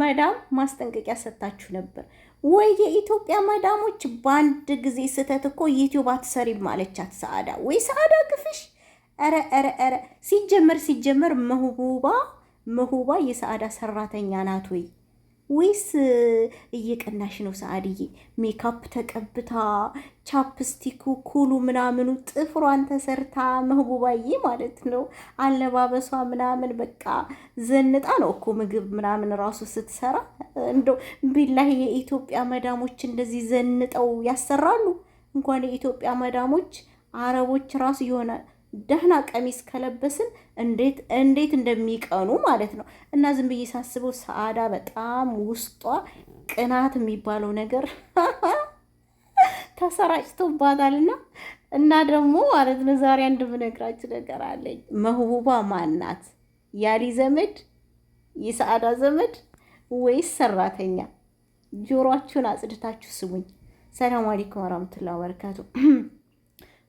መዳም ማስጠንቀቂያ ሰጥታችሁ ነበር ወይ? የኢትዮጵያ መዳሞች በአንድ ጊዜ ስህተት እኮ ዩቲዩብ አትሰሪም ማለቻት ሰአዳ። ወይ ሰአዳ ግፍሽ! ኧረ ኧረ ኧረ! ሲጀመር ሲጀመር መሁቡባ መሁባ የሰአዳ ሰራተኛ ናት ወይ? ወይስ እየቀናሽ ነው ሰአድዬ? ሜካፕ ተቀብታ ቻፕስቲኩ ኩሉ ምናምኑ ጥፍሯን ተሰርታ መህቡባዬ ማለት ነው አለባበሷ ምናምን በቃ ዘንጣ ነው እኮ ምግብ ምናምን ራሱ ስትሰራ። እንደው ቢላህ የኢትዮጵያ መዳሞች እንደዚህ ዘንጠው ያሰራሉ። እንኳን የኢትዮጵያ መዳሞች አረቦች ራሱ የሆነ ደህና ቀሚስ ከለበስን እንዴት እንዴት እንደሚቀኑ ማለት ነው። እና ዝም ብዬ ሳስበው ሰአዳ በጣም ውስጧ ቅናት የሚባለው ነገር ተሰራጭቶባታልና እና ደግሞ ማለት ነው ዛሬ አንድ ብነግራችሁ ነገር አለኝ። መህቡባ ማናት? ያሊ ዘመድ፣ የሰአዳ ዘመድ ወይስ ሰራተኛ? ጆሮአችሁን አጽድታችሁ ስሙኝ። ሰላም አለይኩም ወራህመቱላሂ ወበረካቱ።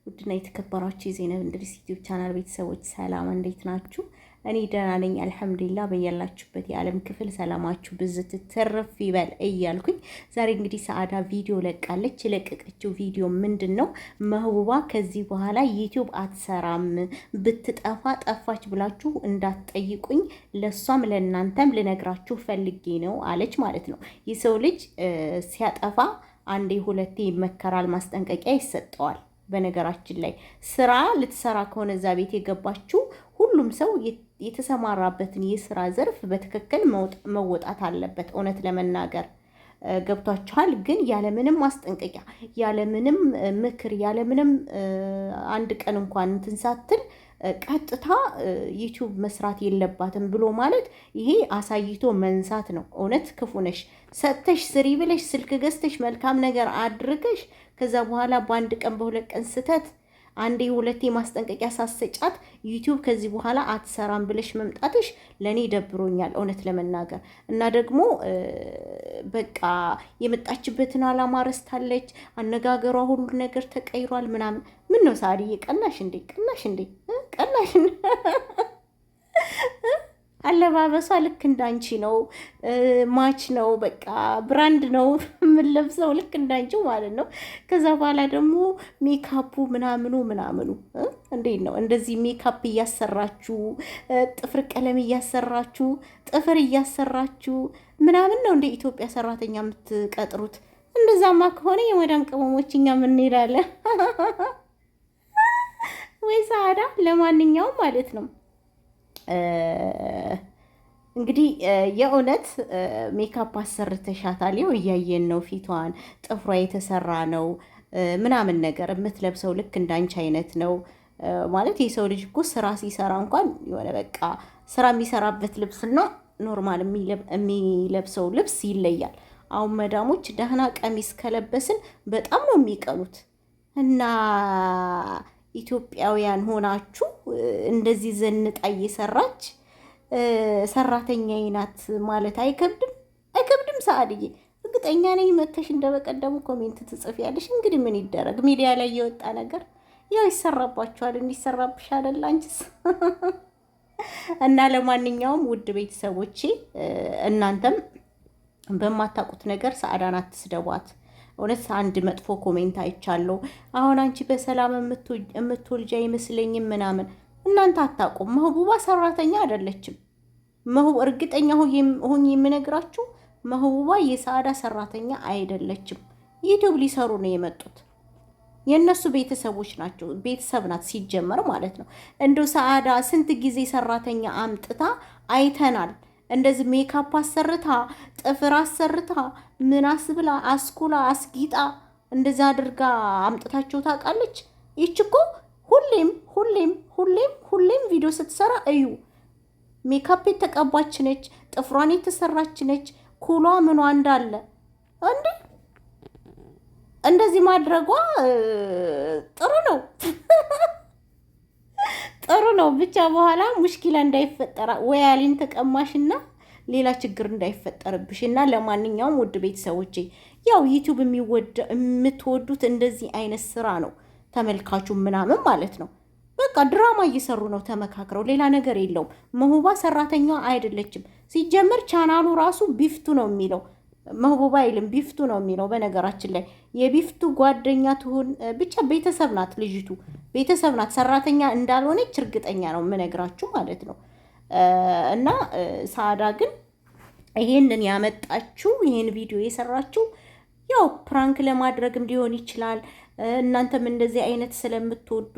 ውድና የተከበራችሁ የዜና እንድሪስ ዩቲዩብ ቻናል ቤተሰቦች ሰላም፣ እንዴት ናችሁ? እኔ ደህና ነኝ አልሐምዱሊላ። በያላችሁበት የዓለም ክፍል ሰላማችሁ ብዝት ትርፍ ይበል እያልኩኝ ዛሬ እንግዲህ ሰአዳ ቪዲዮ ለቃለች። የለቀቀችው ቪዲዮ ምንድን ነው? መህቡባ ከዚህ በኋላ ዩቲዩብ አትሰራም፣ ብትጠፋ ጠፋች ብላችሁ እንዳትጠይቁኝ፣ ለእሷም ለእናንተም ልነግራችሁ ፈልጌ ነው አለች ማለት ነው። የሰው ልጅ ሲያጠፋ አንዴ ሁለቴ ይመከራል፣ ማስጠንቀቂያ ይሰጠዋል። በነገራችን ላይ ስራ ልትሰራ ከሆነ እዛ ቤት የገባችው ሁሉም ሰው የተሰማራበትን የስራ ዘርፍ በትክክል መወጣት አለበት። እውነት ለመናገር ገብቷችኋል። ግን ያለምንም ማስጠንቀቂያ፣ ያለምንም ምክር፣ ያለምንም አንድ ቀን እንኳን እንትን ሳትል ቀጥታ ዩቱብ መስራት የለባትም ብሎ ማለት ይሄ አሳይቶ መንሳት ነው። እውነት ክፉ ነሽ ሰጥተሽ ስሪ ብለሽ ስልክ ገዝተሽ መልካም ነገር አድርገሽ ከዛ በኋላ በአንድ ቀን በሁለት ቀን ስተት አንዴ ሁለቴ ማስጠንቀቂያ ሳሰጫት ዩቱብ ከዚህ በኋላ አትሰራም ብለሽ መምጣትሽ ለእኔ ደብሮኛል፣ እውነት ለመናገር እና ደግሞ በቃ የመጣችበትን አላማ ረስታለች። አነጋገሯ ሁሉ ነገር ተቀይሯል ምናምን። ምን ነው ሳሪ ቀናሽ እንዴ? ቀናሽ እንዴ? ማለት አለባበሷ ልክ እንዳንቺ ነው፣ ማች ነው፣ በቃ ብራንድ ነው የምንለብሰው ልክ እንዳንቺው ማለት ነው። ከዛ በኋላ ደግሞ ሜካፑ ምናምኑ ምናምኑ እንዴት ነው እንደዚህ ሜካፕ እያሰራችሁ ጥፍር ቀለም እያሰራችሁ ጥፍር እያሰራችሁ ምናምን ነው እንደ ኢትዮጵያ ሰራተኛ የምትቀጥሩት? እንደዛማ ከሆነ የመዳም ቅመሞች እኛ ምን እንሄዳለን? ወይ ሳዳ። ለማንኛውም ማለት ነው እንግዲህ የእውነት ሜካፕ አሰርተሻታል። ይኸው እያየን ነው። ፊቷን ጥፍሯ የተሰራ ነው ምናምን ነገር የምትለብሰው ልክ እንዳንቺ አይነት ነው ማለት የሰው ልጅ እኮ ስራ ሲሰራ እንኳን የሆነ በቃ ስራ የሚሰራበት ልብስና ኖርማል የሚለብሰው ልብስ ይለያል። አሁን መዳሞች ደህና ቀሚስ ከለበስን በጣም ነው የሚቀኑት እና ኢትዮጵያውያን ሆናችሁ እንደዚህ ዘንጣ እየሰራች ሰራተኛዬ ናት ማለት አይከብድም? አይከብድም ሰአድዬ? እርግጠኛ ነኝ መተሽ እንደበቀደሙ ኮሜንት ትጽፍ ያለሽ። እንግዲህ ምን ይደረግ፣ ሚዲያ ላይ የወጣ ነገር ያው ይሰራባችኋል፣ እንዲሰራብሽ አይደል? አንቺስ እና ለማንኛውም ውድ ቤተሰቦቼ እናንተም በማታውቁት ነገር ሰአዳን አትስደቧት። እውነት አንድ መጥፎ ኮሜንት አይቻለሁ። አሁን አንቺ በሰላም የምትወልጅ አይመስለኝም ምናምን። እናንተ አታውቁም። መህቡባ ሰራተኛ አይደለችም። እርግጠኛ ሆኜ የምነግራችሁ መህቡባ የሰአዳ ሰራተኛ አይደለችም። ዩቲዩብ ሊሰሩ ነው የመጡት። የእነሱ ቤተሰቦች ናቸው። ቤተሰብ ናት ሲጀመር ማለት ነው። እንደው ሰአዳ ስንት ጊዜ ሰራተኛ አምጥታ አይተናል። እንደዚህ ሜካፕ አሰርታ ጥፍር አሰርታ ምን አስብላ አስኩላ አስጊጣ እንደዚህ አድርጋ አምጥታቸው ታውቃለች። ይች እኮ ሁሌም ሁሌም ሁሌም ሁሌም ቪዲዮ ስትሰራ እዩ። ሜካፕ የተቀባች ነች፣ ጥፍሯን የተሰራች ነች፣ ኩሏ ምኗ እንዳለ እንደ እንደዚህ ማድረጓ ጥሩ ነው። ጥሩ ነው ብቻ በኋላ ሙሽኪላ እንዳይፈጠራ ወያሊን ተቀማሽና ሌላ ችግር እንዳይፈጠርብሽ እና ለማንኛውም ውድ ቤተሰቦቼ ያው ዩቲዩብ የምትወዱት እንደዚህ አይነት ስራ ነው። ተመልካቹ ምናምን ማለት ነው። በቃ ድራማ እየሰሩ ነው ተመካክረው፣ ሌላ ነገር የለውም። መሁባ ሰራተኛዋ አይደለችም። ሲጀመር ቻናሉ ራሱ ቢፍቱ ነው የሚለው መሁባ አይልም፣ ቢፍቱ ነው የሚለው። በነገራችን ላይ የቢፍቱ ጓደኛ ትሁን ብቻ ቤተሰብ ናት ልጅቱ ቤተሰብ ናት፣ ሰራተኛ እንዳልሆነች እርግጠኛ ነው የምነግራችሁ ማለት ነው። እና ሳዳ ግን ይሄንን ያመጣችው ይሄን ቪዲዮ የሰራችው ያው ፕራንክ ለማድረግም ሊሆን ይችላል። እናንተም እንደዚህ አይነት ስለምትወዱ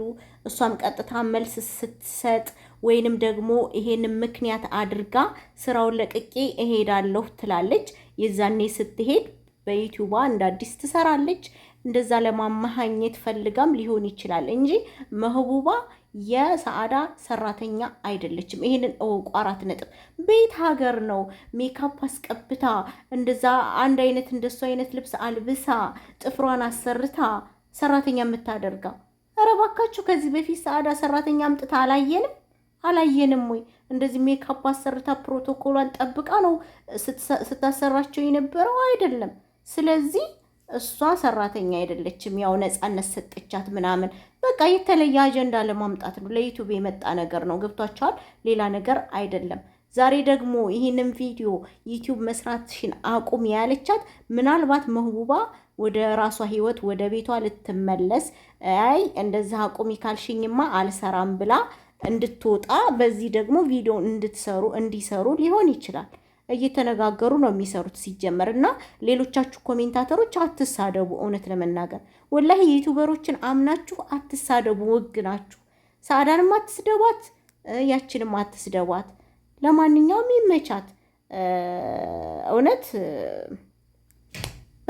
እሷም ቀጥታ መልስ ስትሰጥ ወይንም ደግሞ ይሄንን ምክንያት አድርጋ ስራውን ለቅቄ እሄዳለሁ ትላለች። የዛኔ ስትሄድ በዩቲዩባ እንደ አዲስ ትሰራለች። እንደዛ ለማመሃኘት ፈልጋም ሊሆን ይችላል እንጂ መህቡባ የሰአዳ ሰራተኛ አይደለችም። ይህንን እወቁ። አራት ነጥብ። ቤት ሀገር ነው። ሜካፕ አስቀብታ እንደዛ አንድ አይነት እንደሱ አይነት ልብስ አልብሳ ጥፍሯን አሰርታ ሰራተኛ የምታደርጋ ኧረ እባካችሁ ከዚህ በፊት ሰአዳ ሰራተኛ አምጥታ አላየንም አላየንም ወይ? እንደዚህ ሜካፕ አሰርታ ፕሮቶኮሏን ጠብቃ ነው ስታሰራቸው የነበረው አይደለም። ስለዚህ እሷ ሰራተኛ አይደለችም። ያው ነፃነት ሰጠቻት ምናምን በቃ የተለየ አጀንዳ ለማምጣት ነው። ለዩቱብ የመጣ ነገር ነው። ገብቷቸዋል። ሌላ ነገር አይደለም። ዛሬ ደግሞ ይህንን ቪዲዮ ዩቲዩብ መስራትሽን አቁም ያለቻት ምናልባት መህቡባ ወደ ራሷ ህይወት ወደ ቤቷ ልትመለስ አይ እንደዛ አቁሚ ካልሽኝማ አልሰራም ብላ እንድትወጣ በዚህ ደግሞ ቪዲዮ እንድትሰሩ እንዲሰሩ ሊሆን ይችላል። እየተነጋገሩ ነው የሚሰሩት ሲጀመር። እና ሌሎቻችሁ ኮሜንታተሮች አትሳደቡ። እውነት ለመናገር ወላሂ የዩቱበሮችን አምናችሁ አትሳደቡ። ውግ ናችሁ። ሳዳንም አትስደቧት፣ ያችንም አትስደቧት። ለማንኛውም ይመቻት። እውነት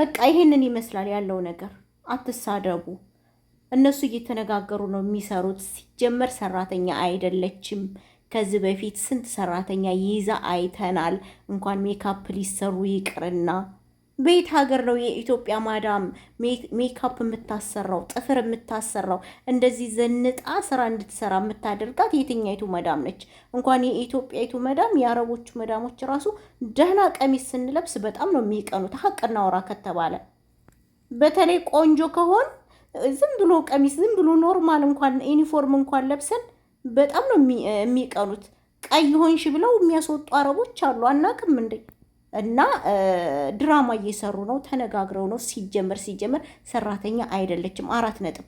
በቃ ይሄንን ይመስላል ያለው ነገር። አትሳደቡ። እነሱ እየተነጋገሩ ነው የሚሰሩት ሲጀመር። ሰራተኛ አይደለችም። ከዚህ በፊት ስንት ሰራተኛ ይዛ አይተናል። እንኳን ሜካፕ ሊሰሩ ይቅርና ቤት ሀገር ነው የኢትዮጵያ ማዳም ሜካፕ የምታሰራው ጥፍር የምታሰራው እንደዚህ ዘንጣ ስራ እንድትሰራ የምታደርጋት የትኛይቱ መዳም ነች? እንኳን የኢትዮጵያይቱ መዳም የአረቦቹ መዳሞች ራሱ ደህና ቀሚስ ስንለብስ በጣም ነው የሚቀኑት። ሀቅና ወራ ከተባለ በተለይ ቆንጆ ከሆን ዝም ብሎ ቀሚስ ዝም ብሎ ኖርማል እንኳን ዩኒፎርም እንኳን ለብሰን በጣም ነው የሚቀኑት። ቀይ ሆንሽ ብለው የሚያስወጡ አረቦች አሉ። አናውቅም እንዴ? እና ድራማ እየሰሩ ነው፣ ተነጋግረው ነው። ሲጀመር ሲጀመር ሰራተኛ አይደለችም። አራት ነጥብ።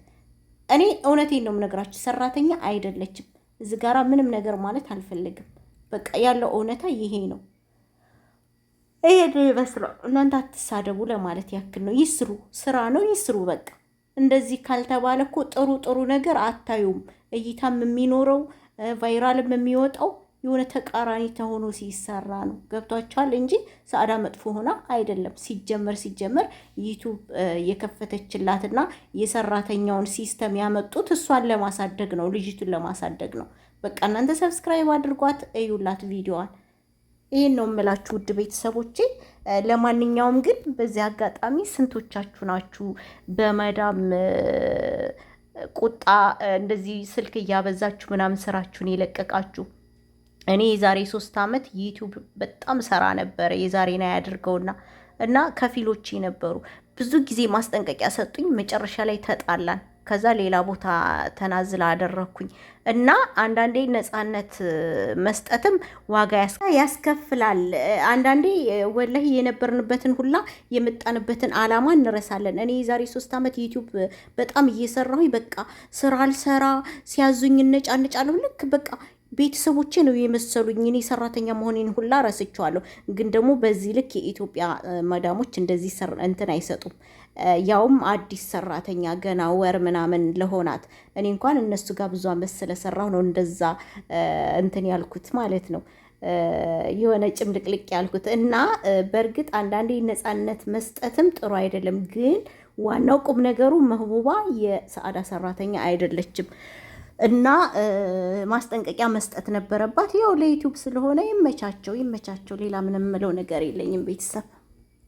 እኔ እውነቴን ነው የምነግራችሁ፣ ሰራተኛ አይደለችም። እዚህ ጋራ ምንም ነገር ማለት አልፈልግም። በቃ ያለው እውነታ ይሄ ነው። ይሄ ይመስላል። እናንተ አትሳደቡ ለማለት ያክል ነው። ይስሩ፣ ስራ ነው፣ ይስሩ በቃ እንደዚህ ካልተባለ እኮ ጥሩ ጥሩ ነገር አታዩም። እይታም የሚኖረው ቫይራልም የሚወጣው የሆነ ተቃራኒ ተሆኖ ሲሰራ ነው። ገብቷቸዋል እንጂ ሰአዳ መጥፎ ሆና አይደለም። ሲጀመር ሲጀመር ዩቱብ የከፈተችላትና የሰራተኛውን ሲስተም ያመጡት እሷን ለማሳደግ ነው፣ ልጅቱን ለማሳደግ ነው። በቃ እናንተ ሰብስክራይብ አድርጓት፣ እዩላት ቪዲዮዋን። ይህን ነው የምላችሁ ውድ ቤተሰቦቼ። ለማንኛውም ግን በዚህ አጋጣሚ ስንቶቻችሁ ናችሁ በመዳም ቁጣ እንደዚህ ስልክ እያበዛችሁ ምናምን ስራችሁን የለቀቃችሁ? እኔ የዛሬ ሶስት ዓመት ዩቲዩብ በጣም ሰራ ነበረ። የዛሬን አያድርገውና እና ከፊሎቼ ነበሩ ብዙ ጊዜ ማስጠንቀቂያ ሰጡኝ። መጨረሻ ላይ ተጣላን። ከዛ ሌላ ቦታ ተናዝላ አደረግኩኝ እና አንዳንዴ ነፃነት መስጠትም ዋጋ ያስከፍላል። አንዳንዴ ወላሂ የነበርንበትን ሁላ የመጣንበትን አላማ እንረሳለን። እኔ የዛሬ ሶስት ዓመት ዩቲዩብ በጣም እየሰራሁኝ በቃ ስራ አልሰራ ሲያዙኝ እነጫነጫለሁ ልክ በቃ ቤተሰቦቼ ነው የመሰሉኝ። እኔ ሰራተኛ መሆኔን ሁላ ረስቸዋለሁ። ግን ደግሞ በዚህ ልክ የኢትዮጵያ መዳሞች እንደዚህ እንትን አይሰጡም። ያውም አዲስ ሰራተኛ ገና ወር ምናምን ለሆናት እኔ እንኳን እነሱ ጋር ብዙ አመት ስለሰራሁ ነው እንደዛ እንትን ያልኩት ማለት ነው የሆነ ጭምልቅልቅ ያልኩት እና በእርግጥ አንዳንዴ ነፃነት መስጠትም ጥሩ አይደለም። ግን ዋናው ቁም ነገሩ መህቡባ የሰአዳ ሰራተኛ አይደለችም። እና ማስጠንቀቂያ መስጠት ነበረባት። ያው ለዩቲዩብ ስለሆነ ይመቻቸው ይመቻቸው። ሌላ ምንም ምለው ነገር የለኝም ቤተሰብ